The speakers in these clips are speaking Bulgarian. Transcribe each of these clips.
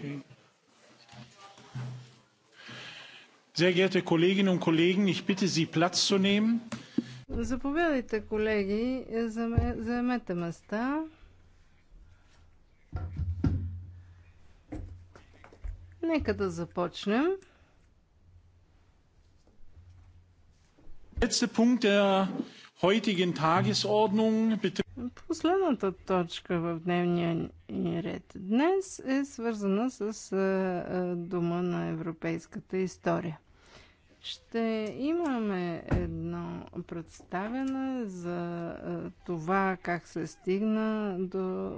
Okay. Sehr geehrte Kolleginnen und Kollegen, ich bitte Sie, Platz zu nehmen. Заповядайте, колеги, заемете места. Нека да започнем. Letzter Punkt der heutigen Tagesordnung bitte. Последната точка в дневния ни ред днес е свързана с е, е, Дума на европейската история. Ще имаме едно представяне за е, това как се стигна до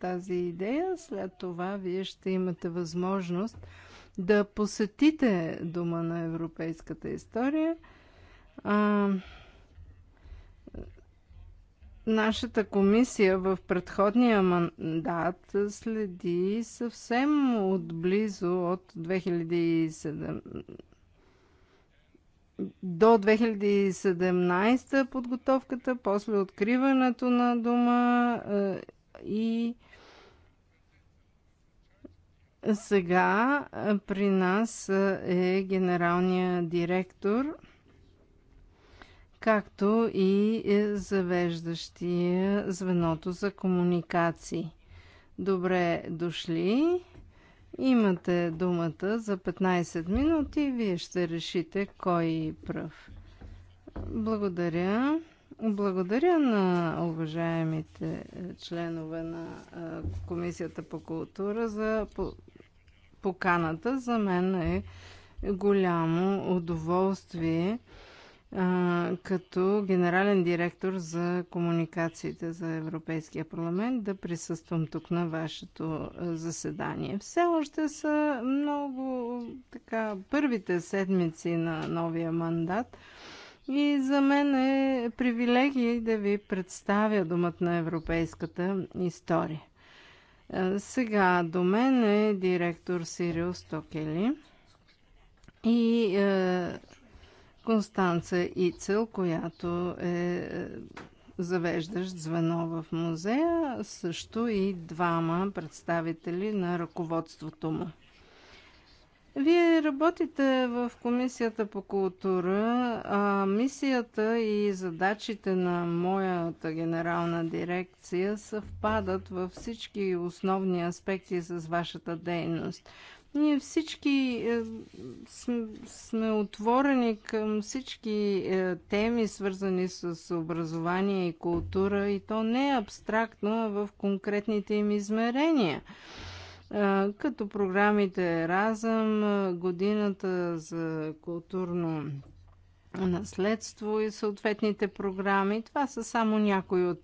тази идея. След това вие ще имате възможност да посетите Дума на европейската история. Нашата комисия в предходния мандат следи съвсем отблизо от 2007 до 2017 подготовката, после откриването на дома е, и сега е, при нас е генералния директор – както и е, завеждащия звеното за комуникации. Добре дошли! Имате думата за 15 минути и вие ще решите кой пръв. Благодаря. Благодаря на уважаемите е, членове на е, Комисията по култура за поканата. За мен е голямо удоволствие а, като генерален директор за комуникациите за Европейския парламент да присъствам тук на вашето заседание. Все още са много така първите седмици на новия мандат. И за мен е привилегия да ви представя думът на европейската история. Сега до мен е директор Сириус Токели и е, Констанца Ицел, която е, е завеждащ звено в музея, също и двама представители на ръководството му. Вие работите в Комисията по култура, а мисията и задачите на моята генерална дирекция съвпадат във всички основни аспекти с вашата дейност. Ние всички е, сме отворени към всички е, теми, свързани с образование и култура, и то не е абстрактно, а в конкретните им измерения. Е, като програмите Разъм, годината за културно наследство и съответните програми. Това са само някои от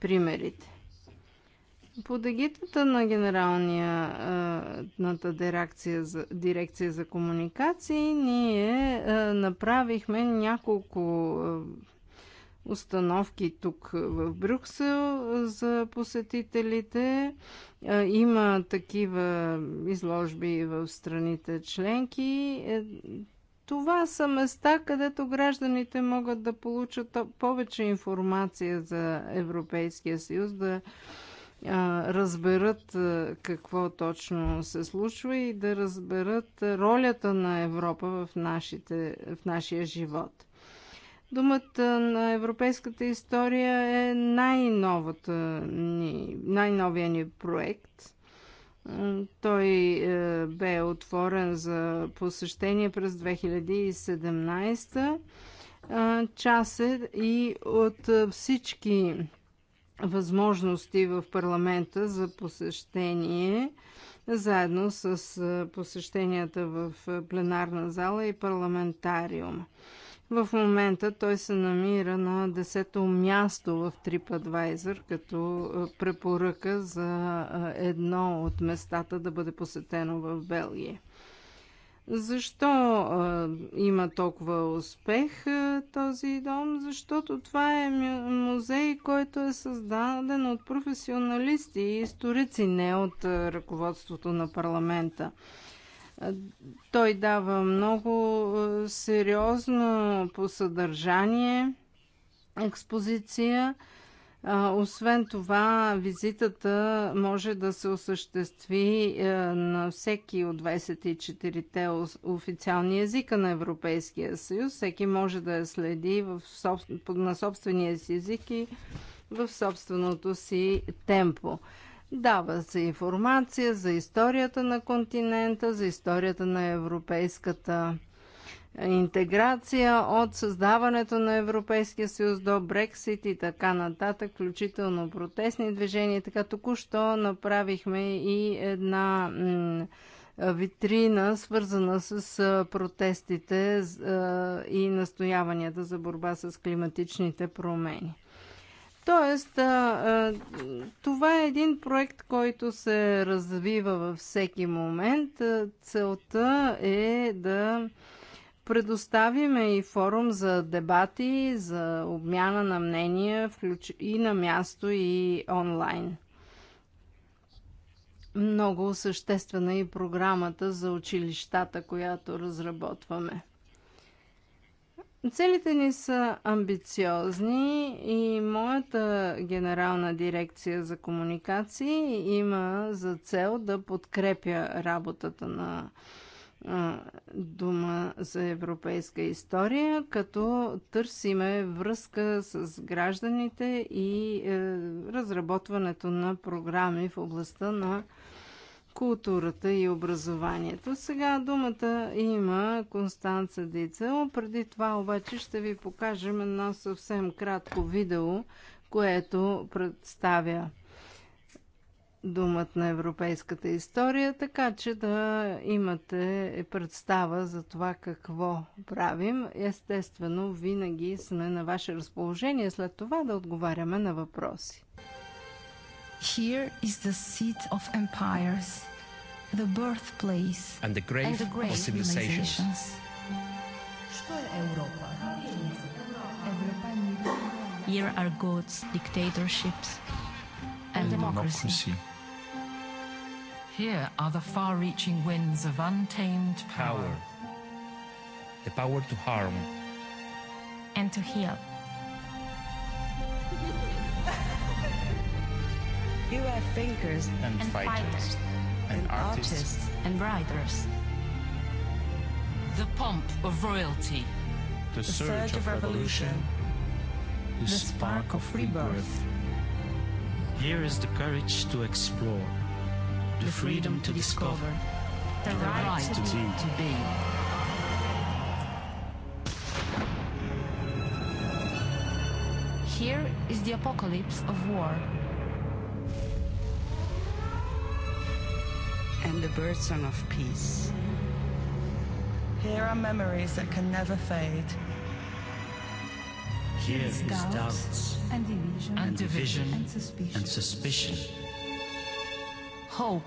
примерите. Под егитата на генералния на дирекция за, дирекция за комуникации ние е, направихме няколко е, установки тук в Брюксел е, за посетителите. Има такива изложби в страните членки. Това са места, където гражданите могат да получат повече информация за Европейския съюз, да разберат какво точно се случва и да разберат ролята на Европа в, нашите, в нашия живот. Думата на европейската история е най-новата ни, най-новия ни проект. Той е, бе отворен за посещение през 2017. Част е и от всички възможности в парламента за посещение, заедно с посещенията в пленарна зала и парламентариум. В момента той се намира на 10-то място в TripAdvisor като препоръка за едно от местата да бъде посетено в Белгия. Защо а, има толкова успех а, този дом? Защото това е музей, който е създаден от професионалисти и историци, не от а, ръководството на парламента. А, той дава много а, сериозно по съдържание експозиция. Освен това, визитата може да се осъществи е, на всеки от 24-те официални езика на Европейския съюз. Всеки може да я следи в, на собствения си език и в собственото си темпо. Дава се информация за историята на континента, за историята на европейската интеграция от създаването на Европейския съюз до Брексит и така нататък, включително протестни движения. Така току-що направихме и една витрина, свързана с протестите и настояванията за борба с климатичните промени. Тоест, това е един проект, който се развива във всеки момент. Целта е да предоставиме и форум за дебати, за обмяна на мнения включ... и на място, и онлайн. Много съществена и програмата за училищата, която разработваме. Целите ни са амбициозни и моята генерална дирекция за комуникации има за цел да подкрепя работата на дума за европейска история, като търсиме връзка с гражданите и е, разработването на програми в областта на културата и образованието. Сега думата има Констанца Дицел. Преди това обаче ще ви покажем едно съвсем кратко видео, което представя Думът на европейската история, така че да имате представа за това какво правим. Естествено, винаги сме на ваше разположение след това да отговаряме на въпроси. Here is the seat of empires, the birthplace and the grave, and the grave of civilizations. Що е Европа? Европа Here are gods, dictatorships, and, and democracy. democracy. Here are the far-reaching winds of untamed power. power. The power to harm. And to heal. you are thinkers and, and fighters. fighters. And, and artists. artists and writers. The pomp of royalty. The, the surge, surge of, of revolution. revolution. The, the spark, spark of rebirth. Here is the courage to explore the freedom to discover, the right to be. To be. Here is the apocalypse of war. And the birdsong of peace. Here are memories that can never fade. Here is doubts, doubts and division, and, division and, suspicion. And suspicion hope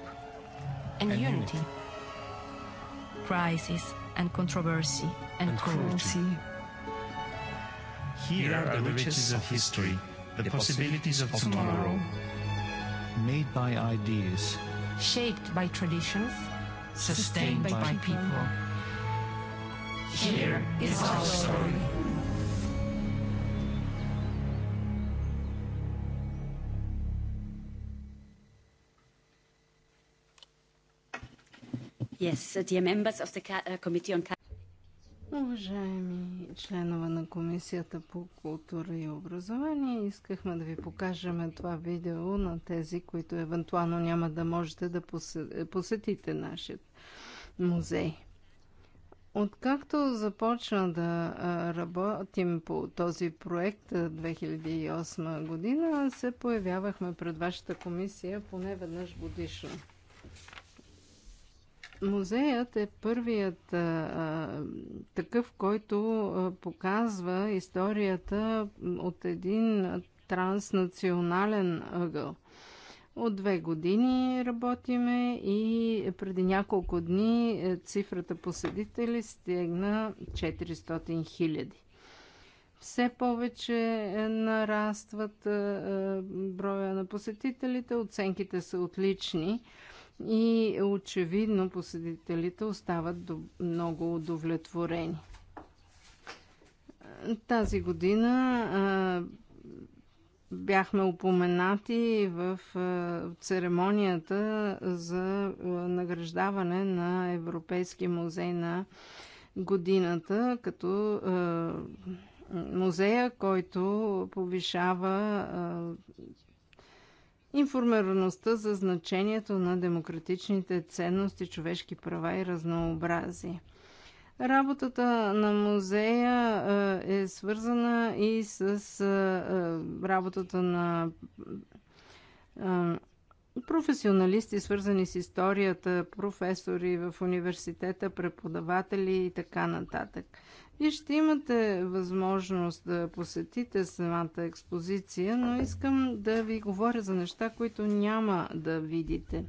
and, and unity. unity. Crisis and controversy and, and cruelty. cruelty. Here are the riches of history, the possibilities of tomorrow. Made by ideas. Shaped by traditions. Sustained by people. Here is our story. Yes, dear members of the uh, Committee on Уважаеми членове на Комисията по култура и образование, искахме да ви покажем това видео на тези, които евентуално няма да можете да посетите нашия музей. Откакто започна да работим по този проект 2008 година, се появявахме пред вашата комисия поне веднъж годишно. Музеят е първият а, такъв, който а, показва историята от един транснационален ъгъл. От две години работиме и преди няколко дни е, цифрата посетители стигна 400 хиляди. Все повече е, нарастват е, броя на посетителите, оценките са отлични и очевидно посетителите остават много удовлетворени. Тази година бяхме упоменати в церемонията за награждаване на Европейски музей на годината, като музея, който повишава информираността за значението на демократичните ценности, човешки права и разнообразие. Работата на музея е, е свързана и с е, е, работата на професионалисти, свързани с историята, професори в университета, преподаватели и така нататък и ще имате възможност да посетите самата експозиция, но искам да ви говоря за неща, които няма да видите.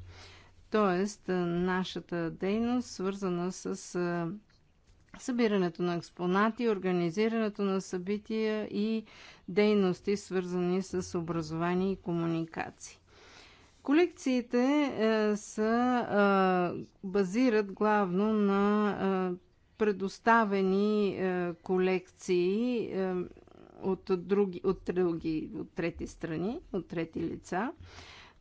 Тоест, нашата дейност, свързана с събирането на експонати, организирането на събития и дейности, свързани с образование и комуникации. Колекциите е, са, е, базират главно на е, предоставени е, колекции е, от, други, от, други, от трети страни, от трети лица.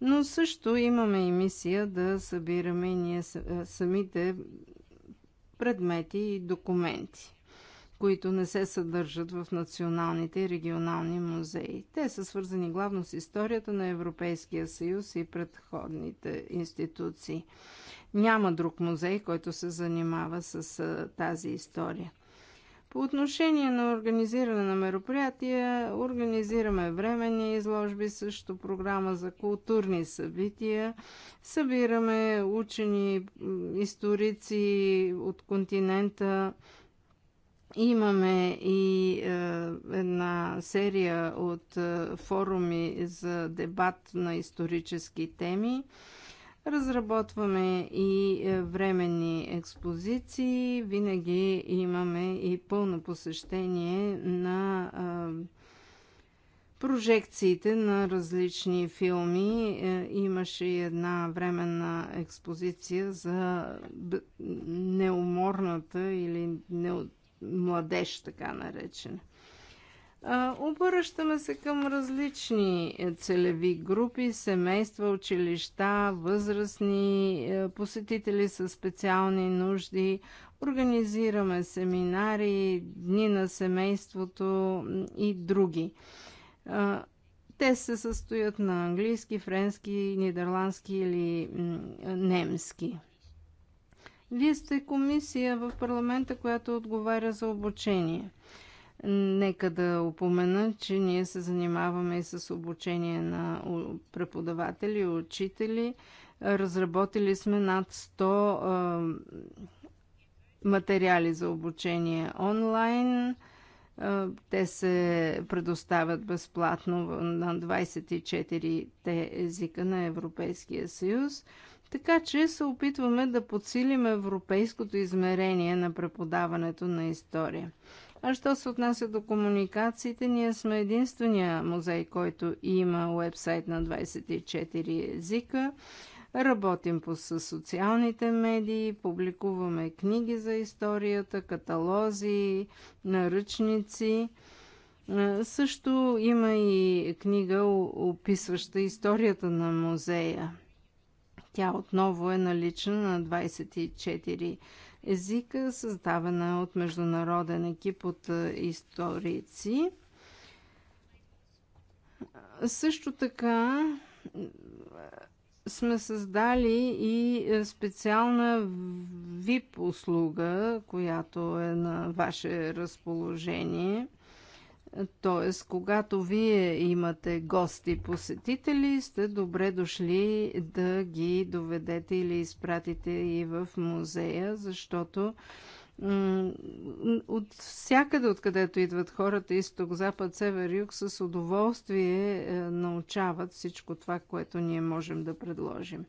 Но също имаме и мисия да събираме и ние е, самите предмети и документи, които не се съдържат в националните и регионални музеи. Те са свързани главно с историята на Европейския съюз и предходните институции. Няма друг музей, който се занимава с тази история. По отношение на организиране на мероприятия, организираме временни изложби, също програма за културни събития. Събираме учени, историци от континента. Имаме и е, една серия от е, форуми за дебат на исторически теми. Разработваме и е, временни експозиции. Винаги имаме и пълно посещение на прожекциите на различни филми. Е, имаше и една временна експозиция за неуморната или не... младеж, така наречена. Обръщаме се към различни целеви групи, семейства, училища, възрастни, е, посетители с специални нужди. Организираме семинари, дни на семейството и други. Те се състоят на английски, френски, нидерландски или немски. Вие сте комисия в парламента, която отговаря за обучение – Нека да опомена, че ние се занимаваме и с обучение на преподаватели и учители. Разработили сме над 100 материали за обучение онлайн. Те се предоставят безплатно на 24-те езика на Европейския съюз. Така че се опитваме да подсилим европейското измерение на преподаването на история. А що се отнася до комуникациите, ние сме единствения музей, който има уебсайт на 24 езика. Работим по със социалните медии, публикуваме книги за историята, каталози, наръчници. Също има и книга, описваща историята на музея. Тя отново е налична на 24 езика, създавана от международен екип от историци. Също така сме създали и специална VIP услуга, която е на ваше разположение – Тоест, когато вие имате гости, посетители, сте добре дошли да ги доведете или изпратите и в музея, защото от всякъде, откъдето идват хората, изток, запад, север, юг, с удоволствие е, научават всичко това, което ние можем да предложим.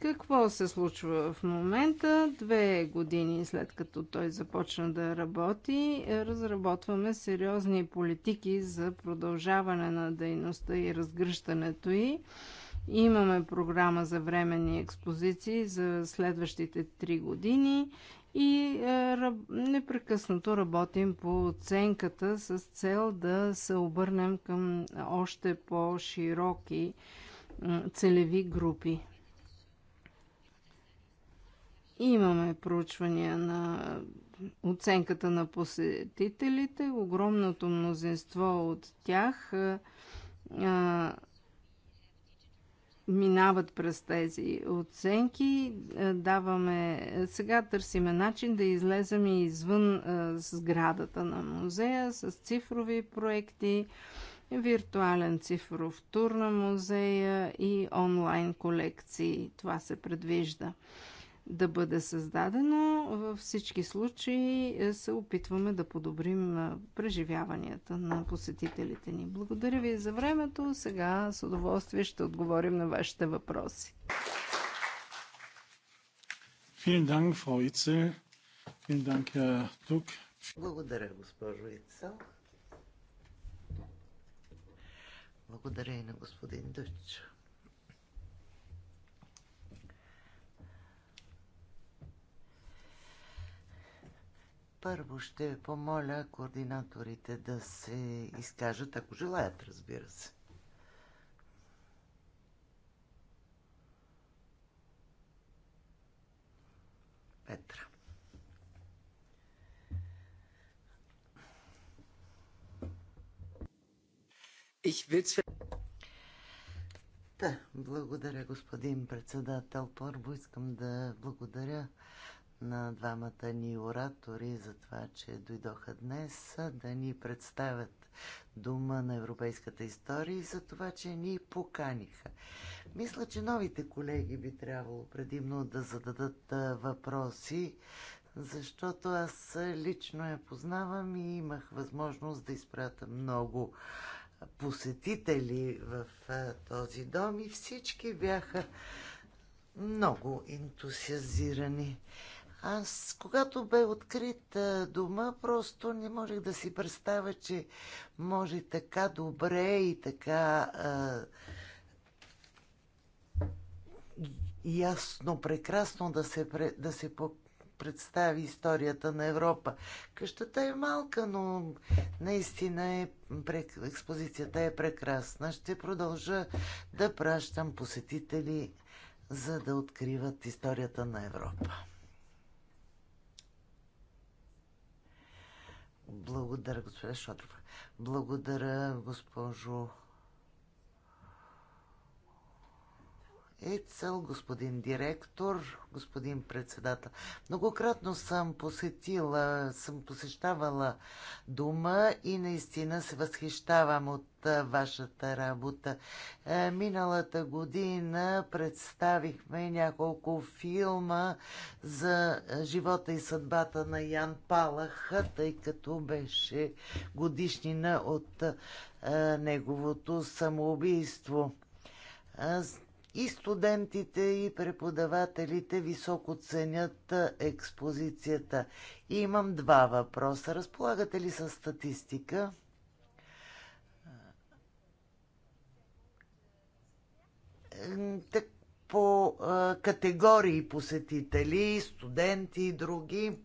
Какво се случва в момента? Две години след като той започна да работи, е, разработваме сериозни политики за продължаване на дейността и разгръщането й. Имаме програма за временни експозиции за следващите три години и е, непрекъснато работим по оценката с цел да се обърнем към още по-широки целеви групи Имаме проучвания на оценката на посетителите. Огромното мнозинство от тях а, минават през тези оценки. Даваме, сега търсиме начин да излезем и извън а, сградата на музея с цифрови проекти, виртуален цифров тур на музея и онлайн колекции. Това се предвижда да бъде създадено. Във всички случаи е, се опитваме да подобрим е, преживяванията на посетителите ни. Благодаря ви за времето. Сега с удоволствие ще отговорим на вашите въпроси. Благодаря, госпожо Ицел. Благодаря и на господин Дъчо. Първо ще помоля координаторите да се изкажат, ако желаят, разбира се. Петра. Да, благодаря, господин председател. Първо искам да благодаря на двамата ни оратори за това, че дойдоха днес да ни представят дума на европейската история и за това, че ни поканиха. Мисля, че новите колеги би трябвало предимно да зададат въпроси, защото аз лично я познавам и имах възможност да изпратя много посетители в този дом и всички бяха много ентусиазирани. Аз, когато бе открит дома, просто не можех да си представя, че може така добре и така а, ясно, прекрасно да се, да се представи историята на Европа. Къщата е малка, но наистина е, експозицията е прекрасна. Ще продължа да пращам посетители, за да откриват историята на Европа. Благодаря, госпожа Шотрова. Благодаря, госпожо Ецел, господин директор, господин председател. Многократно съм посетила, съм посещавала дома и наистина се възхищавам от вашата работа. Е, миналата година представихме няколко филма за живота и съдбата на Ян Палах, тъй като беше годишнина от неговото самоубийство. И студентите, и преподавателите високо ценят експозицията. И имам два въпроса. Разполагате ли с статистика? Так, по категории посетители, студенти и други.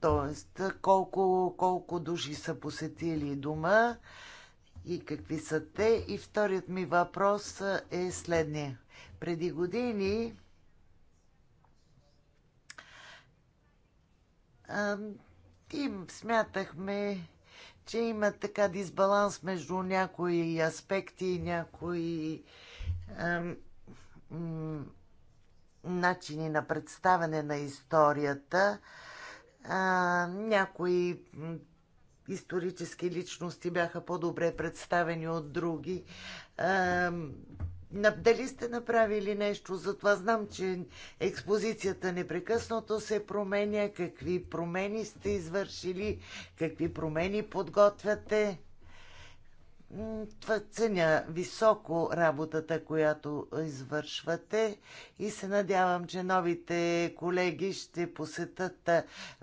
Тоест, колко, колко души са посетили дома и какви са те. И вторият ми въпрос е следния. Преди години им смятахме, че има така дисбаланс между някои аспекти и някои начини на представяне на историята. А, някои исторически личности бяха по-добре представени от други. Дали сте направили нещо Затова Знам, че експозицията непрекъснато се променя. Какви промени сте извършили? Какви промени подготвяте? Това ценя високо работата, която извършвате и се надявам, че новите колеги ще посетат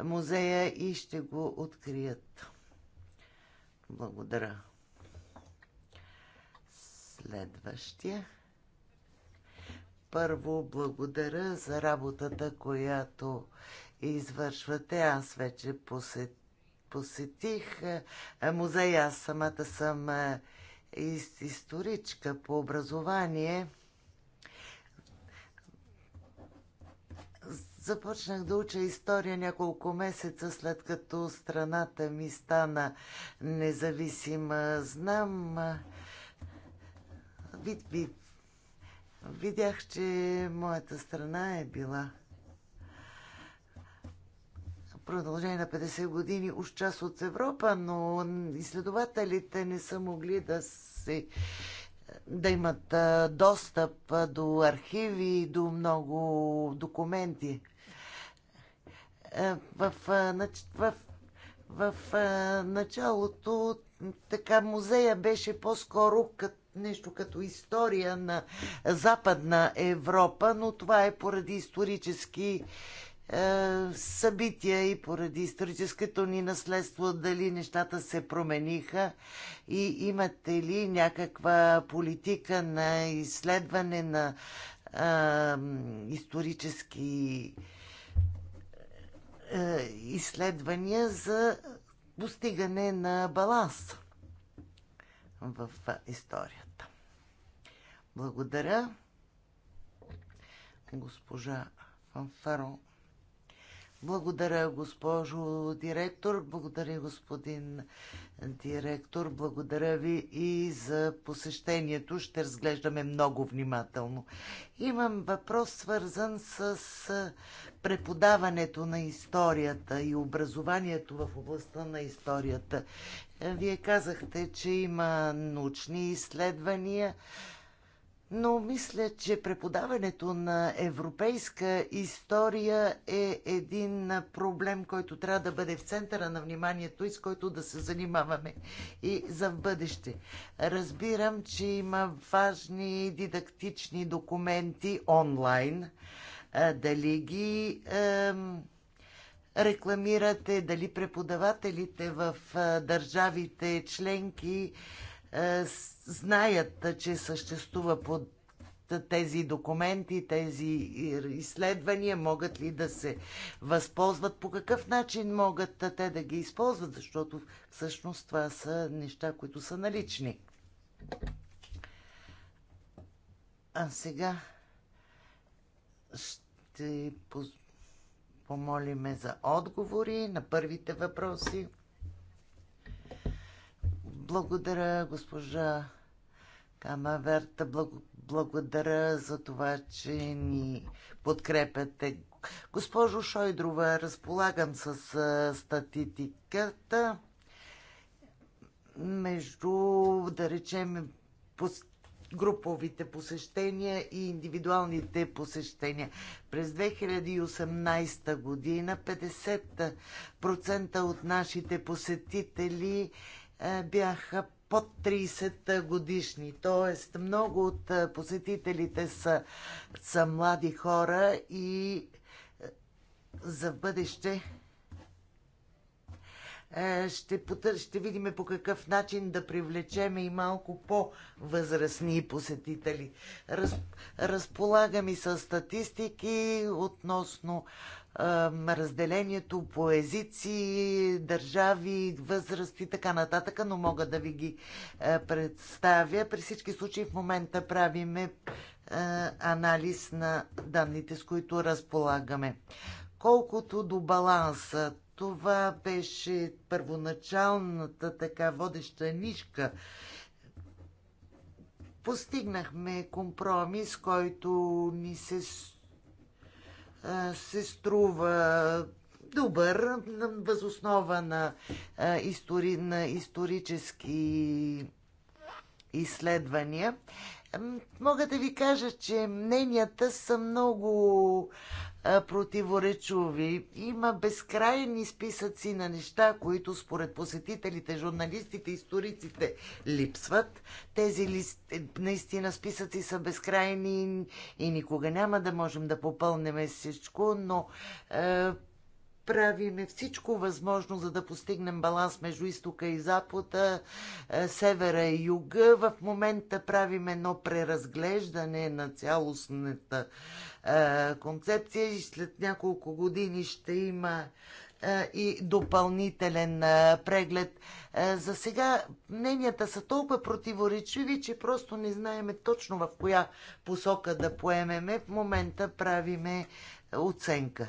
музея и ще го открият. Благодаря. Следващия. Първо, благодаря за работата, която извършвате. Аз вече посет, посетих музея. Аз самата съм историчка по образование – Започнах да уча история няколко месеца след като страната ми стана независима. Знам, вид, вид, видях, че моята страна е била продължение на 50 години уж част от Европа, но изследователите не са могли да се да имат достъп до архиви, до много документи. Е, е, в, в, в, е, в началото така музея беше по-скоро като нещо като история на Западна Европа, но това е поради исторически събития и поради историческото ни наследство, дали нещата се промениха и имате ли някаква политика на изследване на е, исторически е, изследвания за постигане на баланс в историята. Благодаря, госпожа Фанфаро. Благодаря, госпожо директор. Благодаря, господин директор. Благодаря ви и за посещението. Ще разглеждаме много внимателно. Имам въпрос, свързан с преподаването на историята и образованието в областта на историята. Вие казахте, че има научни изследвания но мисля, че преподаването на европейска история е един проблем, който трябва да бъде в центъра на вниманието и с който да се занимаваме и за в бъдеще. Разбирам, че има важни дидактични документи онлайн. Дали ги рекламирате, дали преподавателите в държавите членки с знаят, че съществува под тези документи, тези изследвания, могат ли да се възползват, по какъв начин могат те да ги използват, защото всъщност това са неща, които са налични. А сега ще помолиме за отговори на първите въпроси. Благодаря, госпожа Камаверта. Благодаря за това, че ни подкрепяте. Госпожо Шойдрова, разполагам с статистиката. Между, да речем, груповите посещения и индивидуалните посещения. През 2018 година 50% от нашите посетители е, бяха под 30 годишни. Тоест много от е, посетителите са, са млади хора и е, за бъдеще е, ще, потър... ще видим по какъв начин да привлечеме и малко по-възрастни посетители. Раз... Разполагаме с статистики относно е, разделението по езици, държави, възраст и така нататък, но мога да ви ги е, представя. При всички случаи в момента правиме е, анализ на данните, с които разполагаме. Колкото до баланса, това беше първоначалната така водеща нишка. Постигнахме компромис, който ни се, се струва добър, възоснова на, истори, на исторически изследвания. Мога да ви кажа, че мненията са много противоречови. Има безкрайни списъци на неща, които според посетителите, журналистите, историците липсват. Тези лист, е, наистина списъци са безкрайни и никога няма да можем да попълнем всичко, но е, правиме всичко възможно, за да постигнем баланс между изтока и запада, е, севера и юга. В момента правим едно преразглеждане на цялостната е, концепция и след няколко години ще има е, и допълнителен преглед. За сега мненията са толкова противоречиви, че просто не знаеме точно в коя посока да поемеме. В момента правиме оценка.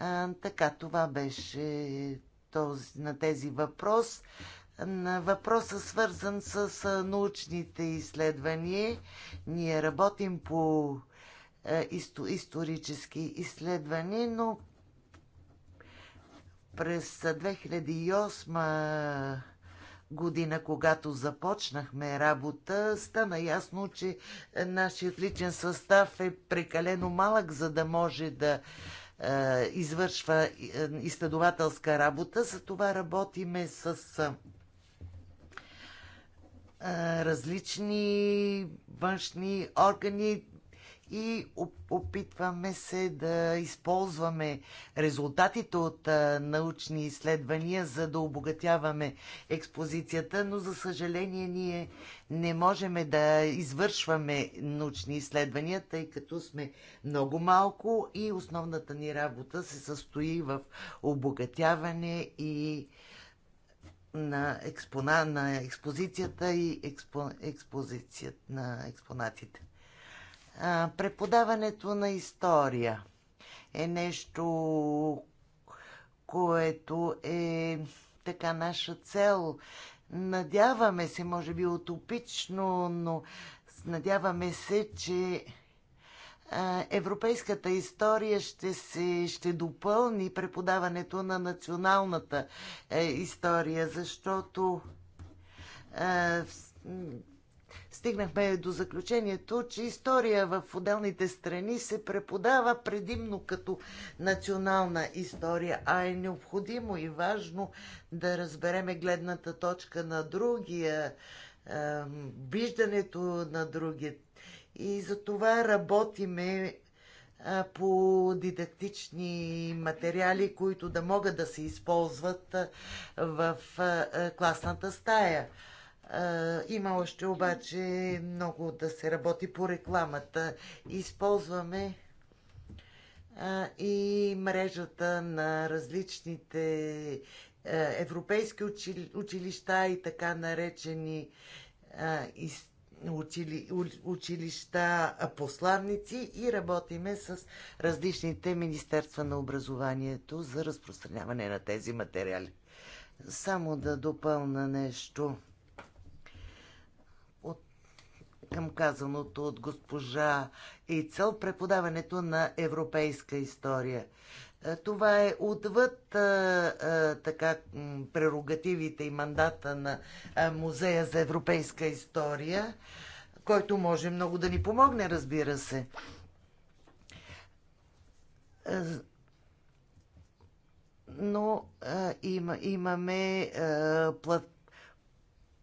А, така, това беше този, на тези въпрос. На въпроса свързан с научните изследвания. Ние работим по исторически изследвания, но през 2008 година, когато започнахме работа, стана ясно, че нашият личен състав е прекалено малък, за да може да е, извършва е, изследователска работа. За това работиме с е, различни външни органи, и опитваме се да използваме резултатите от научни изследвания, за да обогатяваме експозицията, но за съжаление ние не можем да извършваме научни изследвания, тъй като сме много малко и основната ни работа се състои в обогатяване и на, експона, на експозицията и експо, експозицията на експонатите преподаването на история е нещо, което е така наша цел. Надяваме се, може би утопично, но надяваме се, че европейската история ще, се, ще допълни преподаването на националната е, история, защото стигнахме до заключението, че история в отделните страни се преподава предимно като национална история, а е необходимо и важно да разбереме гледната точка на другия, виждането на другия. И за това работиме по дидактични материали, които да могат да се използват в класната стая. Има още обаче много да се работи по рекламата. Използваме и мрежата на различните европейски училища и така наречени училища посланници и работиме с различните Министерства на образованието за разпространяване на тези материали. Само да допълна нещо към казаното от госпожа Ицел преподаването на европейска история. Е, това е отвъд а, е, а, е, така прерогативите и мандата на а, Музея за европейска история, който може много да ни помогне, разбира се. Но а, има, имаме а, плат,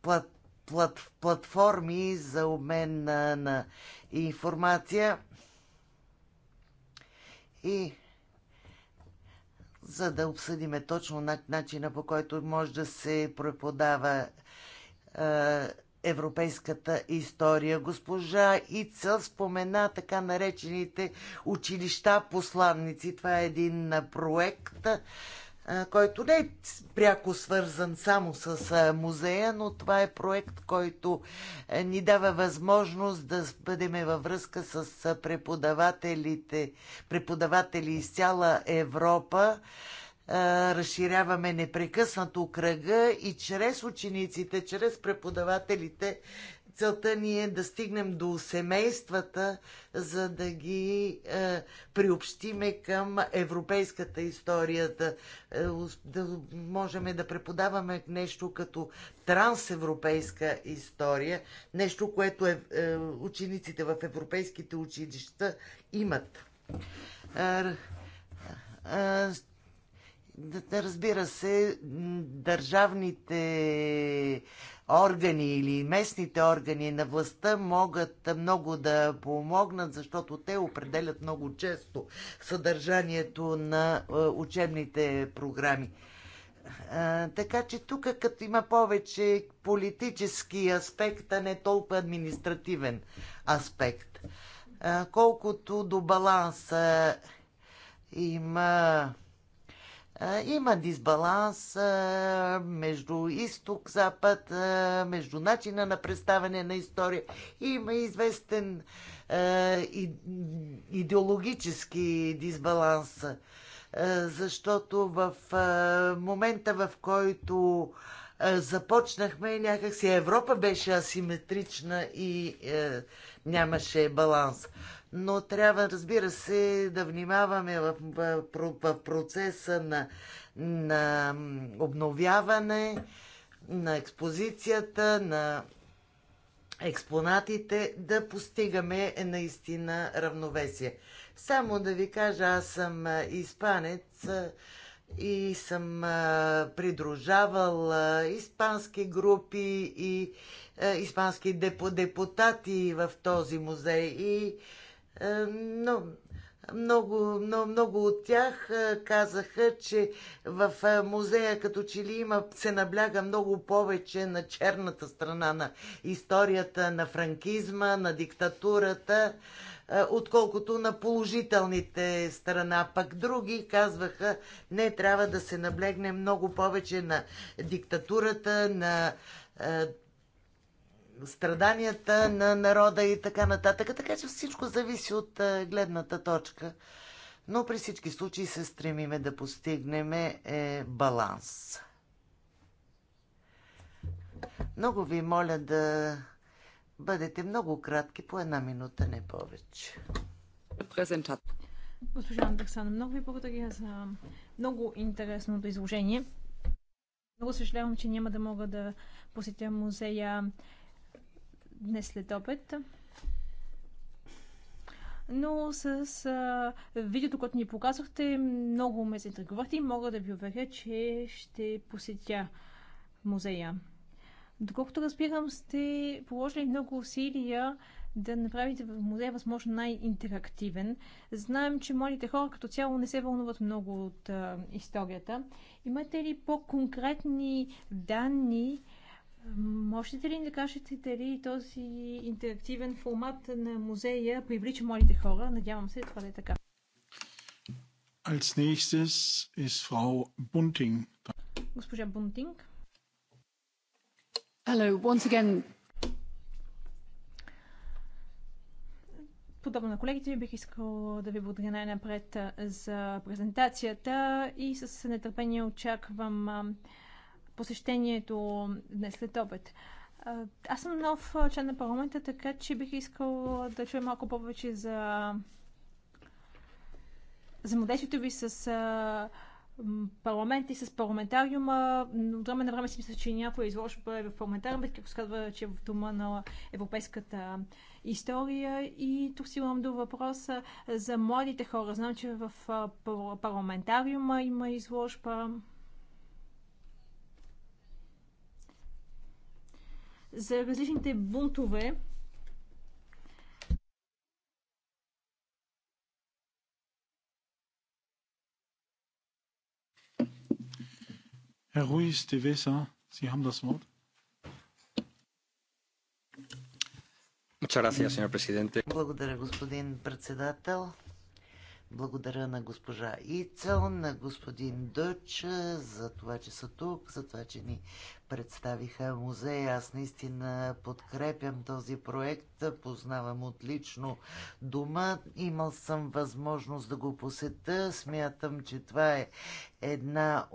плат, плат, платформи за обмен на, на информация и за да обсъдиме точно начина по който може да се преподава е, европейската история. Госпожа Ицел спомена така наречените училища посланници. Това е един проект, който не е пряко свързан само с музея, но това е проект, който е, ни дава възможност да бъдем във връзка с преподавателите, преподаватели из цяла Европа разширяваме непрекъснато кръга и чрез учениците, чрез преподавателите, целта ни е да стигнем до семействата, за да ги е, приобщиме към европейската история, да, е, да можем да преподаваме нещо като трансевропейска история, нещо, което е, е, учениците в европейските училища имат. Е, е, да, разбира се, държавните органи или местните органи на властта могат много да помогнат, защото те определят много често съдържанието на е, учебните програми. Така че тук, като има повече политически аспект, а не толкова административен аспект. Колкото до баланса има има дисбаланс между изток, запад, между начина на представяне на история. Има известен идеологически дисбаланс, защото в момента, в който започнахме, някакси Европа беше асиметрична и нямаше баланс но трябва, разбира се, да внимаваме в, в, в процеса на, на обновяване, на експозицията, на експонатите, да постигаме наистина равновесие. Само да ви кажа, аз съм испанец и съм придружавал испански групи и испански депутати в този музей и е, много, но много от тях е, казаха, че в е, музея като че ли има, се набляга много повече на черната страна на историята, на франкизма, на диктатурата, отколкото на положителните страна. Пък други казваха, не трябва да се наблегне много повече на диктатурата, на страданията на народа и така нататък. Така че всичко зависи от гледната точка. Но при всички случаи се стремиме да постигнем е, баланс. Много ви моля да бъдете много кратки, по една минута, не повече. Презентат. Госпожа Андерсана, много ви благодаря за много интересното изложение. Много съжалявам, че няма да мога да посетя музея днес след обед. Но с а, видеото, което ни показахте, много ме заинтригувахте и мога да ви уверя, че ще посетя музея. Доколкото разбирам, сте положили много усилия да направите в музея възможно най-интерактивен. Знаем, че младите хора като цяло не се вълнуват много от а, историята. Имате ли по-конкретни данни Можете ли да кажете дали този интерактивен формат на музея привлича младите хора? Надявам се това да е така. Als nächstes ist Frau Bunting. Госпожа Бунтинг. Hello, once again. Подобно на колегите ми бих искал да ви благодаря най-напред за презентацията и с нетърпение очаквам посещението днес след обед. Аз съм нов член на парламента, така че бих искал да чуя малко повече за взаимодействието ви с парламент и с парламентариума. От време на време си мисля, че някоя изложба е в парламентариума, както се казва, че е в дома на европейската история. И тук си имам до въпроса за младите хора. Знам, че в парламентариума има изложба. за различните бунтове. Herr Ruiz de Vesa, Sie haben das Wort. Muchas gracias, señor presidente. Благодаря, господин председател. Благодаря на госпожа Ицел, на господин Дъч за това, че са тук, за това, че ни представиха музея. Аз наистина подкрепям този проект, познавам отлично дома, имал съм възможност да го посета. Смятам, че това е една,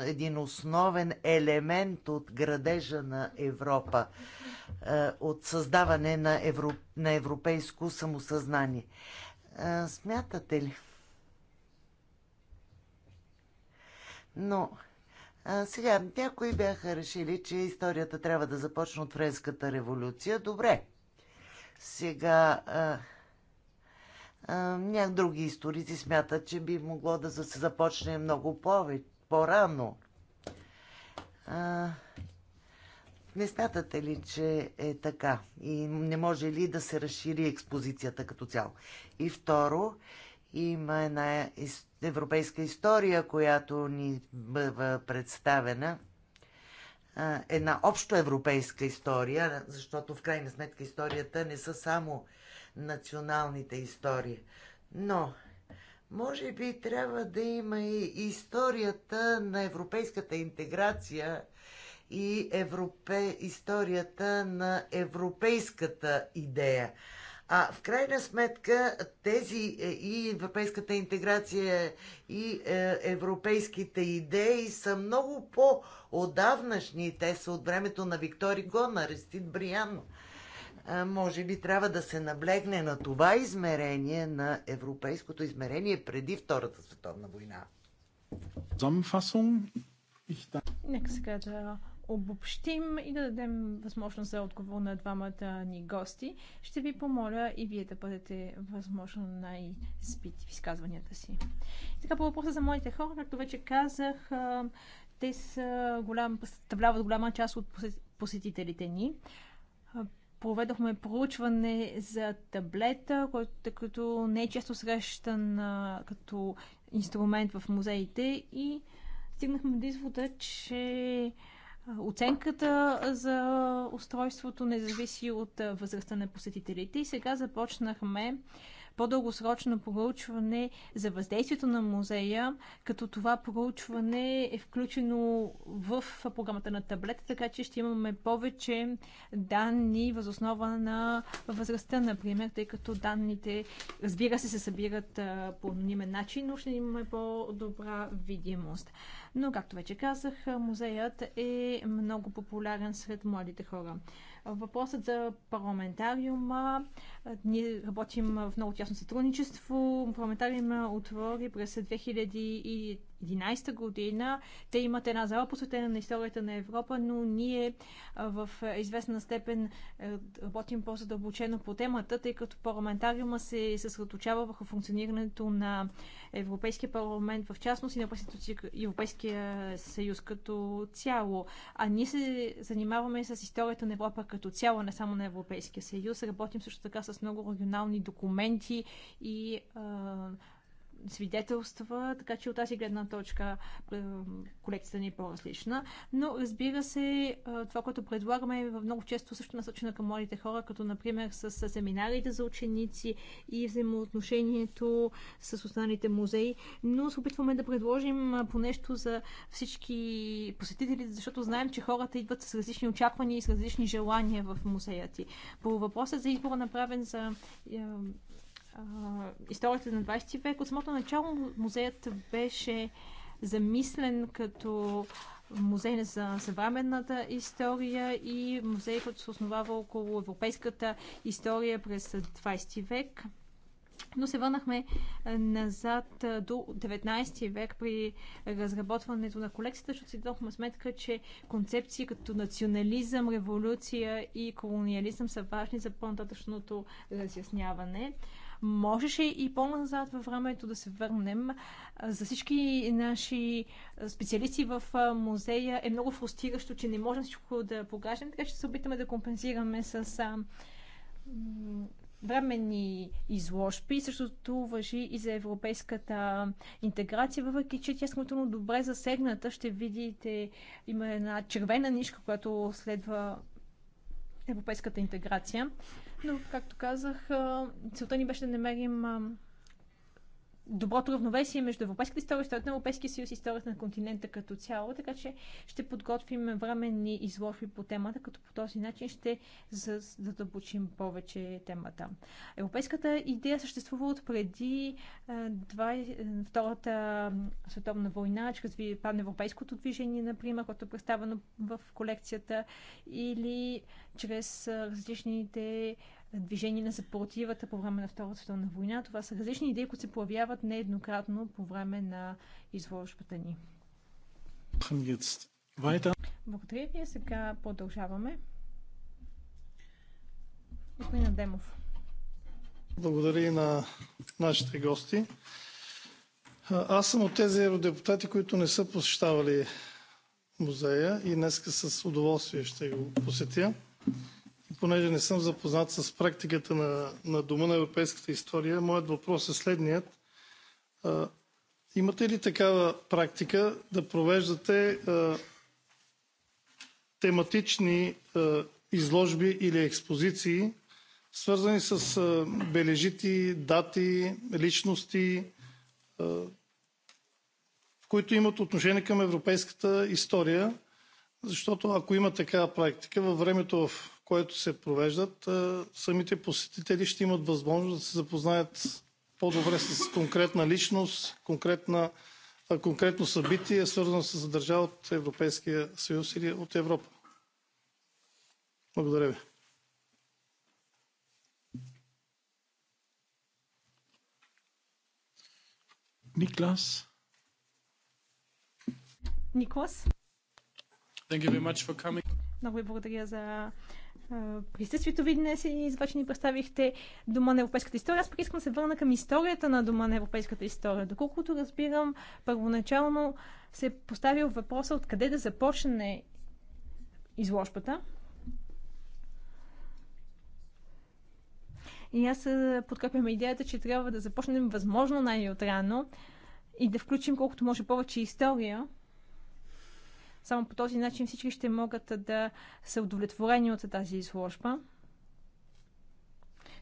един основен елемент от градежа на Европа, е, от създаване на, европ, на европейско самосъзнание смятате ли? Но а, сега някои бяха решили, че историята трябва да започне от Френската революция. Добре. Сега а, а, други историци смятат, че би могло да се започне много по-рано. По не смятате ли, че е така? И не може ли да се разшири експозицията като цяло? И второ, има една европейска история, която ни бъва представена. Една общо европейска история, защото в крайна сметка историята не са само националните истории. Но, може би трябва да има и историята на европейската интеграция и европе, историята на европейската идея. А в крайна сметка тези е, и европейската интеграция и е, европейските идеи са много по-отдавнашни. Те са от времето на Виктори Го, на Рестит Бриан. Е, може би трябва да се наблегне на това измерение, на европейското измерение преди Втората световна война. Нека сега кажа обобщим и да дадем възможност за отговор на двамата ни гости, ще ви помоля и вие да бъдете възможно най-спити в изказванията си. И така по въпроса за моите хора, както вече казах, те са голям, представляват голяма част от посетителите ни. Проведохме проучване за таблета, който, който не е често срещан като инструмент в музеите и стигнахме до извода, че Оценката за устройството не зависи от възрастта на посетителите и сега започнахме по-дългосрочно проучване за въздействието на музея, като това проучване е включено в програмата на таблета, така че ще имаме повече данни възоснова на възрастта, например, тъй като данните, разбира се, се събират по анонимен начин, но ще имаме по-добра видимост. Но, както вече казах, музеят е много популярен сред младите хора. Въпросът за парламентариума. Ние работим в много тясно сътрудничество. Парламентариума отвори през 2011 година. Те имат една зала посветена на историята на Европа, но ние в известна степен е, работим по-задълбочено по темата, тъй като парламентариума се съсредоточава върху функционирането на Европейския парламент в частност и на Европейския съюз като цяло. А ние се занимаваме с историята на Европа като цяло, не само на Европейския съюз. Работим също така с много регионални документи и свидетелства, така че от тази гледна точка е, колекцията ни е по-различна. Но разбира се, е, това, което предлагаме е много често също насочено към младите хора, като например с семинарите за ученици и взаимоотношението с останалите музеи, но се опитваме да предложим е, по нещо за всички посетители, защото знаем, че хората идват с различни очаквания и с различни желания в музея ти. По въпроса за избора направен за историята на 20 век. От самото начало музеят беше замислен като музей за съвременната история и музей, който се основава около европейската история през 20 век но се върнахме назад до 19 век при разработването на колекцията, защото си дадохме сметка, че концепции като национализъм, революция и колониализъм са важни за по-нататъчното разясняване можеше и по-назад във времето да се върнем. За всички наши специалисти в музея е много фрустиращо, че не можем всичко да покажем, така че се опитаме да компенсираме с временни изложби. Същото въжи и за европейската интеграция, въпреки че тя смутно добре засегната. Ще видите, има една червена нишка, която следва европейската интеграция. Но, както казах, целта ни беше да намерим доброто равновесие между европейската история, историята на Европейския съюз и историята на континента като цяло, така че ще подготвим временни изложби по темата, като по този начин ще задълбочим повече темата. Европейската идея съществува от преди Втората световна война, чрез паневропейското движение, например, което е представено в колекцията, или чрез различните движение на съпротивата по време на Втората световна война. Това са различни идеи, които се появяват нееднократно по време на изложбата ни. Благодаря ви. Сега продължаваме. Господин Демов. Благодаря и на нашите гости. Аз съм от тези евродепутати, които не са посещавали музея и днес с удоволствие ще го посетя понеже не съм запознат с практиката на, на Дома на европейската история, моят въпрос е следният. А, имате ли такава практика да провеждате а, тематични а, изложби или експозиции, свързани с а, бележити, дати, личности, а, които имат отношение към европейската история? Защото ако има такава практика, във времето в което се провеждат, самите посетители ще имат възможност да се запознаят по-добре с конкретна личност, конкретна, конкретно събитие, свързано с държава от Европейския съюз или от Европа. Благодаря ви. Niklas. Никлас. Thank you very much for coming. Много ви благодаря за присъствието ви днес и за това, че ни представихте Дома на европейската история. Аз пък искам да се върна към историята на Дома на европейската история. Доколкото разбирам, първоначално се е поставил въпроса откъде да започне изложбата. И аз подкрепям идеята, че трябва да започнем възможно най-отрано и да включим колкото може повече история, само по този начин всички ще могат да са удовлетворени от тази изложба.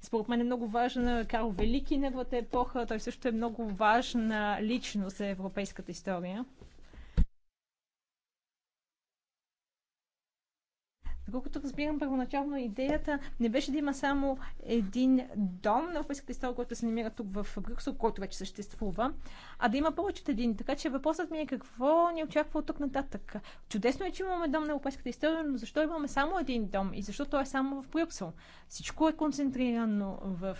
Според мен е много важна Карл Велики, неговата епоха. Той също е много важна личност за европейската история. Доколкото разбирам, първоначално идеята не беше да има само един дом на Европейската история, който се намира тук в Брюксел, който вече съществува, а да има повече от един. Така че въпросът ми е какво ни очаква от тук нататък. Чудесно е, че имаме дом на Европейската история, но защо имаме само един дом и защо той е само в Брюксел? Всичко е концентрирано в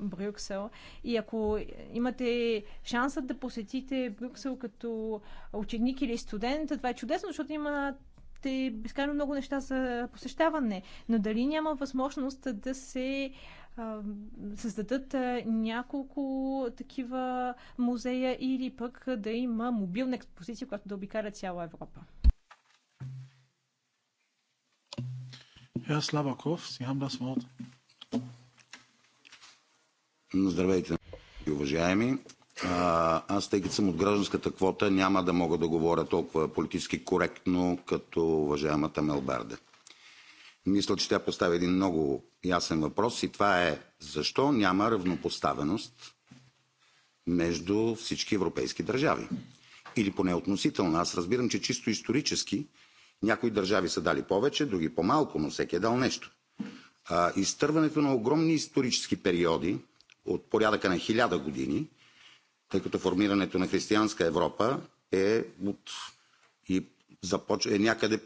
Брюксел и ако имате шанса да посетите Брюксел като ученик или студент, това е чудесно, защото има ще безкрайно много неща за посещаване, но дали няма възможност да се създадат няколко такива музея или пък да има мобилна експозиция, която да обикара цяла Европа. Herr Slavakov, Sie Здравейте, уважаеми аз, тъй като съм от гражданската квота, няма да мога да говоря толкова политически коректно, като уважаемата Мелбарде. Мисля, че тя поставя един много ясен въпрос и това е защо няма равнопоставеност между всички европейски държави. Или поне относително. Аз разбирам, че чисто исторически някои държави са дали повече, други по-малко, но всеки е дал нещо. А, изтърването на огромни исторически периоди от порядъка на хиляда години – тъй като формирането на християнска Европа е, от, и започва е някъде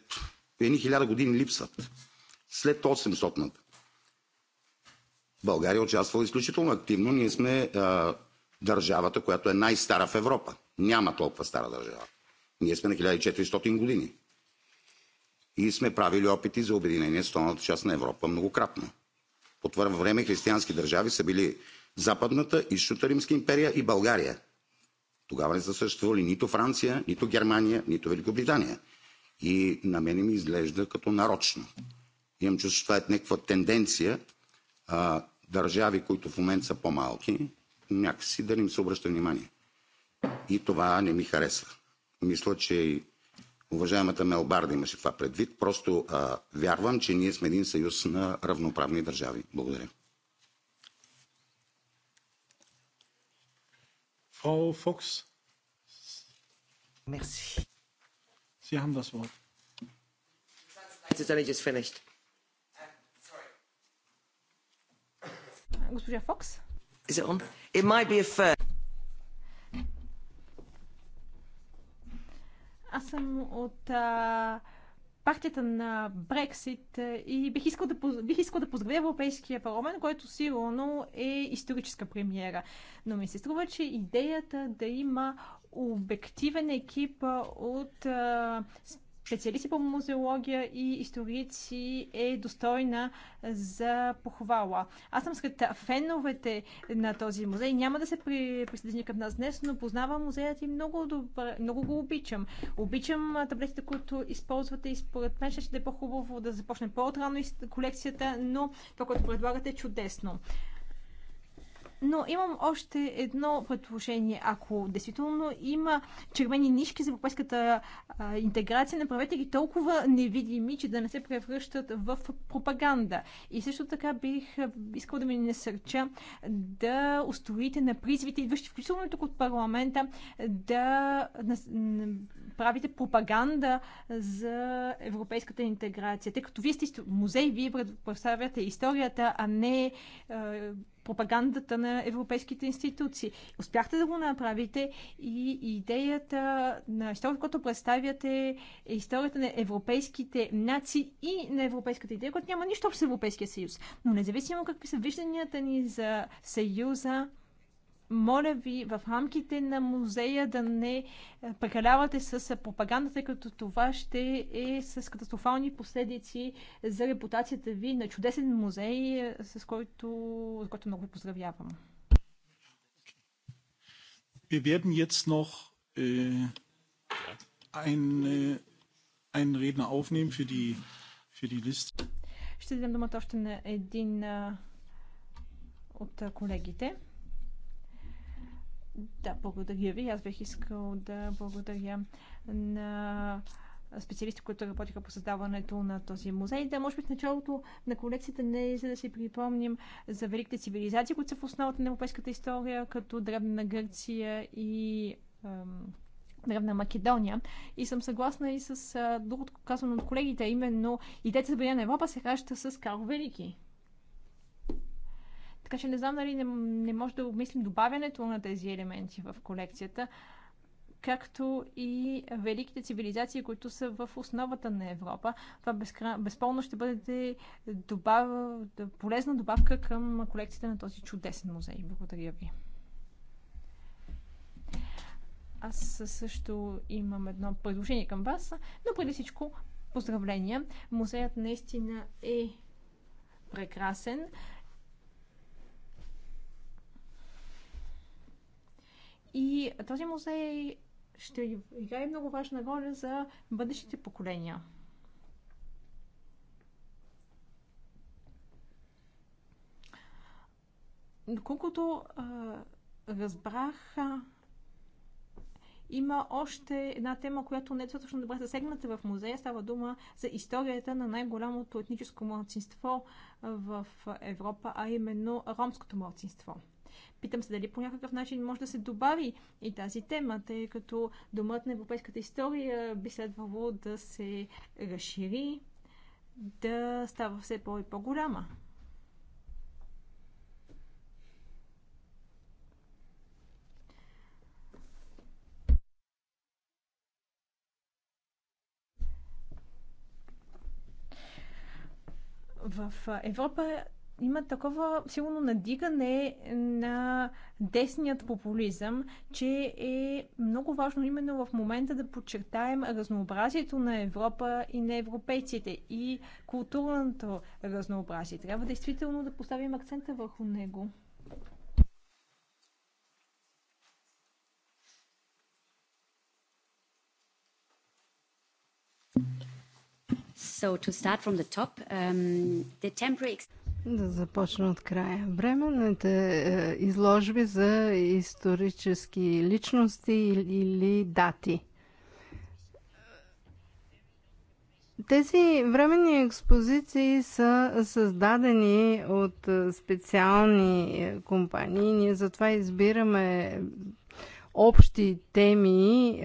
едни хиляда години липсват. След 800-та. България участва изключително активно. Ние сме а, държавата, която е най-стара в Европа. Няма толкова стара държава. Ние сме на 1400 години. И сме правили опити за обединение с тоната част на Европа многократно. По това време християнски държави са били Западната, Източната Римска империя и България. Тогава не са съществували нито Франция, нито Германия, нито Великобритания. И на мене ми изглежда като нарочно. Имам чувство, че това е някаква тенденция а, държави, които в момент са по-малки, някакси да не им се обръща внимание. И това не ми харесва. Мисля, че и уважаемата Мелбарда имаше това предвид. Просто а, вярвам, че ние сме един съюз на равноправни държави. Благодаря. Frau Fox. Merci. Sie haben das Wort. Фокс. Is it on? It might be a first. Аз съм от партията на Брексит е, и бих искал да, бих искал да поздравя Европейския парламент, който сигурно е историческа премиера. Но ми се струва, че идеята да има обективен екип от а, е, специалисти по музеология и историци е достойна за похвала. Аз съм сред феновете на този музей. Няма да се при... присъедини към нас днес, но познавам музеят и много, добър, много го обичам. Обичам таблетите, които използвате и според мен ще е по-хубаво да започне по-отрано колекцията, но това, което предлагате е чудесно. Но имам още едно предложение. Ако действително има червени нишки за европейската интеграция, направете ги толкова невидими, че да не се превръщат в пропаганда. И също така бих искал да ми насърча да устроите на призвите, идващи включително тук от парламента, да правите пропаганда за европейската интеграция. Тъй като вие сте музей, вие представяте историята, а не пропагандата на европейските институции. Успяхте да го направите и идеята на историята, която представяте е историята на европейските нации и на европейската идея, която няма нищо общо с Европейския съюз. Но независимо какви са вижданията ни за съюза, моля ви в рамките на музея да не е, прекалявате с е, пропагандата, като това ще е с катастрофални последици за репутацията ви на чудесен музей, е, с който, с който много ви поздравявам. Wir werden jetzt noch äh, ein, äh, einen Redner aufnehmen für die, für die Liste. Ще дадем думата още на един а, от колегите. Да, благодаря ви. Аз бих искал да благодаря на специалисти, които работиха по създаването на този музей. Да, може би в началото на колекцията не е за да си припомним за великите цивилизации, които са в основата на европейската история, като Древна Гърция и ем, Древна Македония. И съм съгласна и с другото казано от колегите, именно идеята за Бъдя на Европа се хаща с Карл Велики. Така че не знам дали не, не може да обмислим добавянето на тези елементи в колекцията, както и великите цивилизации, които са в основата на Европа. Това безпълно безспорно ще бъде добав... полезна добавка към колекцията на този чудесен музей. Благодаря ви. Аз също имам едно предложение към вас, но преди всичко поздравления. Музеят наистина е прекрасен. И този музей ще играе много важна роля за бъдещите поколения. Доколкото а, разбрах, а, има още една тема, която не е достатъчно добре засегната в музея. Става дума за историята на най-голямото етническо младсинство в Европа, а именно ромското младсинство. Питам се дали по някакъв начин може да се добави и тази тема, тъй като домът на европейската история би следвало да се разшири, да става все по- и по-голяма. в Европа има такова силно надигане на десният популизъм, че е много важно именно в момента да подчертаем разнообразието на Европа и на европейците и културното разнообразие. Трябва действително да поставим акцента върху него. So to start from the top, um, the temporary да започна от края. Временните е, изложби за исторически личности или дати. Тези временни експозиции са създадени от е, специални е, компании. Ние затова избираме общи теми,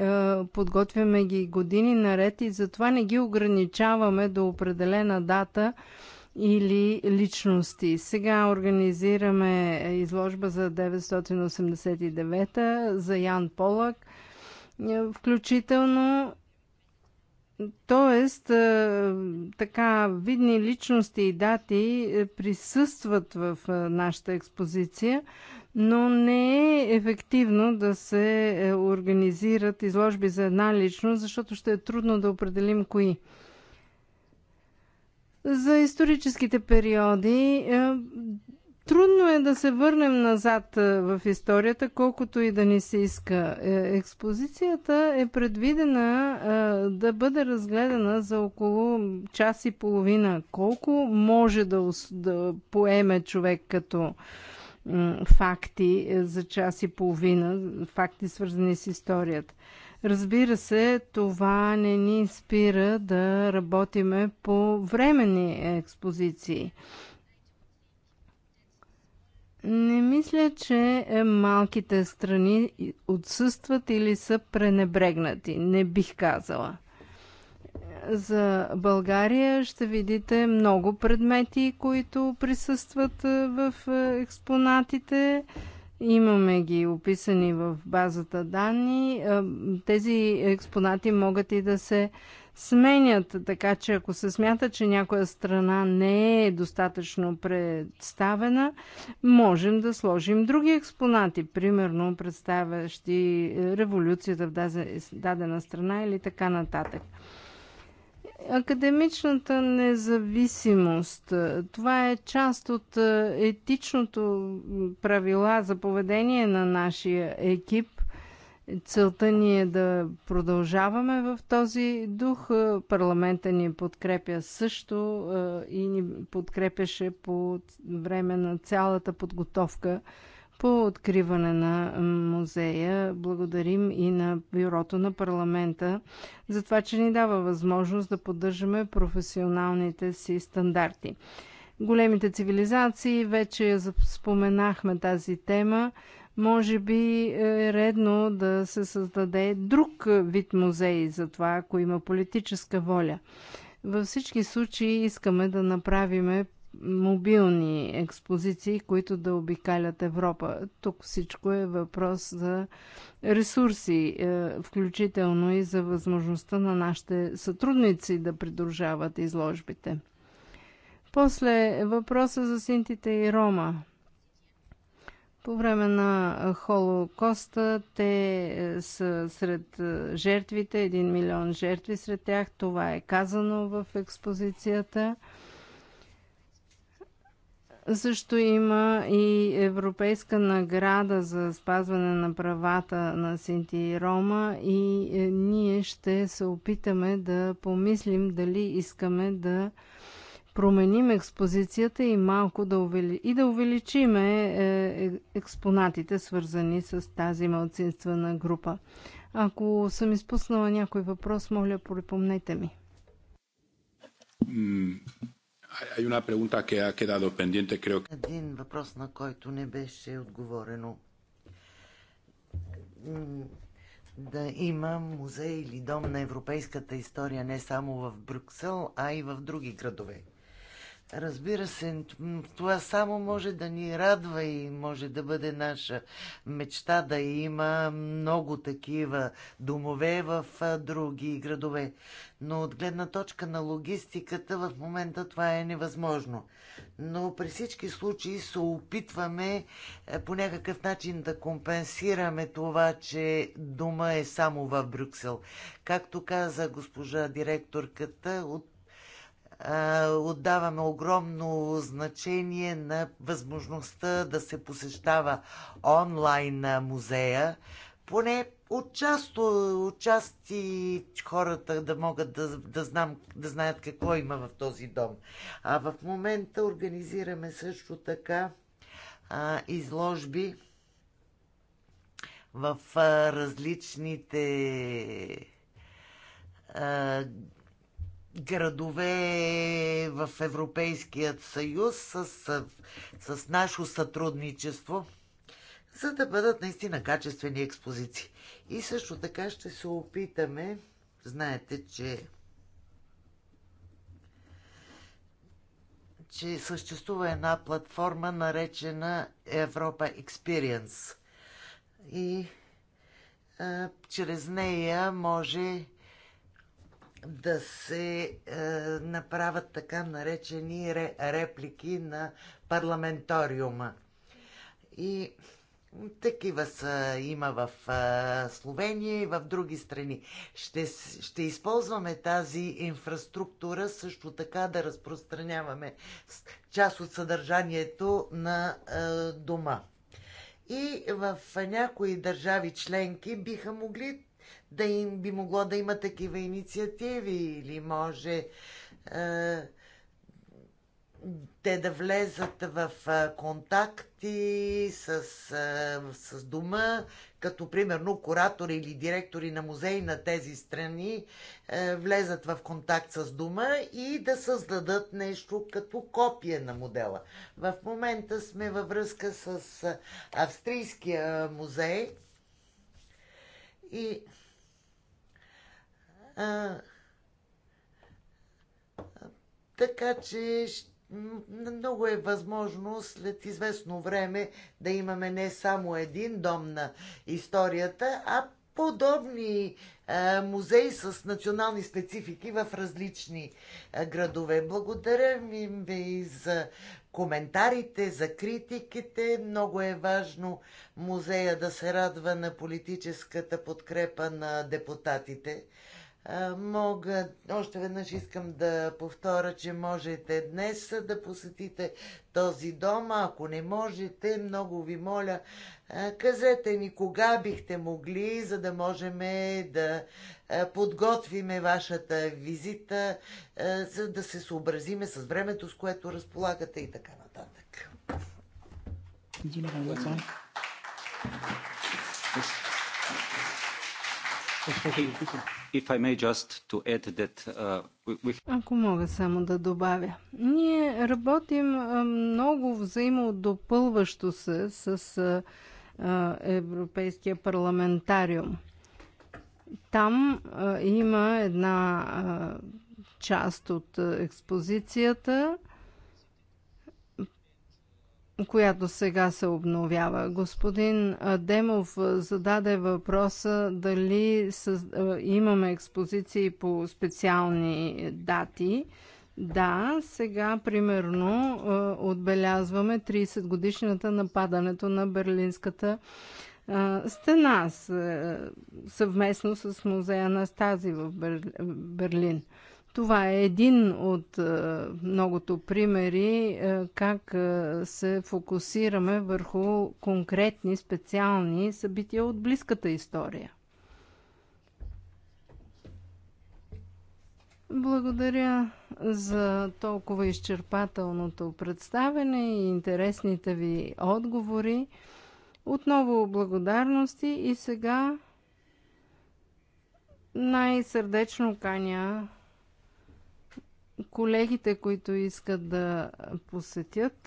подготвяме ги години наред и затова не ги ограничаваме до определена дата – или личности. Сега организираме изложба за 989-та, за Ян Полак, е, включително. Тоест, е, така, видни личности и дати е, присъстват в нашата експозиция, но не е ефективно да се организират изложби за една личност, защото ще е трудно да определим кои за историческите периоди. Е, трудно е да се върнем назад е, в историята, колкото и да ни се иска. Е, експозицията е предвидена да бъде разгледана за около час и половина. Колко може да, да поеме човек като факти за час и половина, факти свързани с историята. Разбира се, това не ни спира да работиме по временни експозиции. Не мисля, че малките страни отсъстват или са пренебрегнати. Не бих казала. За България ще видите много предмети, които присъстват в експонатите. Имаме ги описани в базата данни. Е, тези експонати могат и да се сменят, така че ако се смята, че някоя страна не е достатъчно представена, можем да сложим други експонати, примерно представящи революцията в дадена страна или така нататък. Академичната независимост. Е, това е част от е, етичното правила за поведение на нашия екип. Целта ни е да продължаваме в този дух. Е, парламента ни подкрепя също и ни подкрепяше по време на цялата подготовка по откриване на музея. Благодарим и на Бюрото на парламента за това, че ни дава възможност да поддържаме професионалните си стандарти. Големите цивилизации, вече споменахме тази тема, може би е редно да се създаде друг вид музей за това, ако има политическа воля. Във всички случаи искаме да направиме мобилни експозиции, които да обикалят Европа. Тук всичко е въпрос за ресурси, е, включително и за възможността на нашите сътрудници да придружават изложбите. После въпроса за синтите и Рома. По време на Холокоста те е, са сред е, жертвите, един милион жертви сред тях. Това е казано в експозицията. Също има и Европейска награда за спазване на правата на Синти и Рома и е, ние ще се опитаме да помислим дали искаме да променим експозицията и малко да, увели... и да увеличиме е, е, експонатите, свързани с тази малцинствена група. Ако съм изпуснала някой въпрос, моля, припомнете ми. Един въпрос, на който не беше отговорено. Да има музей или дом на европейската история не само в Брюксел, а и в други градове. Разбира се, това само може да ни радва и може да бъде наша мечта да има много такива домове в други градове. Но от гледна точка на логистиката в момента това е невъзможно. Но при всички случаи се опитваме е, по някакъв начин да компенсираме това, че дома е само в Брюксел. Както каза госпожа директорката, от отдаваме огромно значение на възможността да се посещава онлайн музея. Поне отчасти, отчасти хората да могат да, да, знам, да знаят какво има в този дом. А в момента организираме също така а, изложби в а, различните а, градове в Европейският съюз с, с, наше нашо сътрудничество, за да бъдат наистина качествени експозиции. И също така ще се опитаме, знаете, че че съществува една платформа, наречена Европа Experience. И а, чрез нея може да се е, направят така наречени ре, реплики на парламентариума. И такива са, има в е, Словения и в други страни. Ще, ще използваме тази инфраструктура също така да разпространяваме част от съдържанието на е, дома. И в някои държави членки биха могли да им би могло да има такива инициативи или може е, те да влезат в е, контакти с, е, с дома, като примерно куратори или директори на музеи на тези страни е, влезат в контакт с дома и да създадат нещо като копие на модела. В момента сме във връзка с Австрийския музей и а, така че много е възможно след известно време да имаме не само един дом на историята, а подобни а, музеи с национални специфики в различни а, градове. Благодаря ви за коментарите, за критиките. Много е важно музея да се радва на политическата подкрепа на депутатите. Мога, още веднъж искам да повторя, че можете днес да посетите този дом. Ако не можете, много ви моля, казете ни кога бихте могли, за да можем да подготвиме вашата визита, за да се съобразиме с времето, с което разполагате и така нататък. Thank you. Uh, Ако мога само да добавя. Ние работим много взаимодопълващо се с Европейския парламентариум. Там има една част от експозицията – която сега се обновява. Господин Демов зададе въпроса дали е, имаме експозиции по специални дати. Да, сега примерно е, отбелязваме 30 годишната нападането на Берлинската е, стена съвместно с музея на Стази в Берлин. Това е един от е, многото примери е, как е, се фокусираме върху конкретни специални събития от близката история. Благодаря за толкова изчерпателното представене и интересните ви отговори. Отново благодарности и сега най-сърдечно каня колегите, които искат да посетят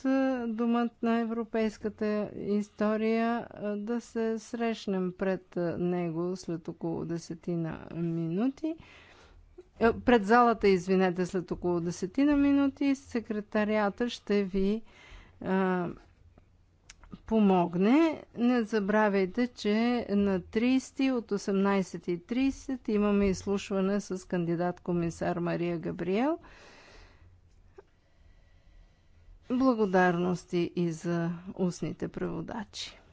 Думът на европейската история, да се срещнем пред него след около десетина минути. Пред залата, извинете, след около десетина минути секретарията ще ви а, помогне. Не забравяйте, че на 30 от 18.30 имаме изслушване с кандидат-комисар Мария Габриел. Благодарности и за устните преводачи.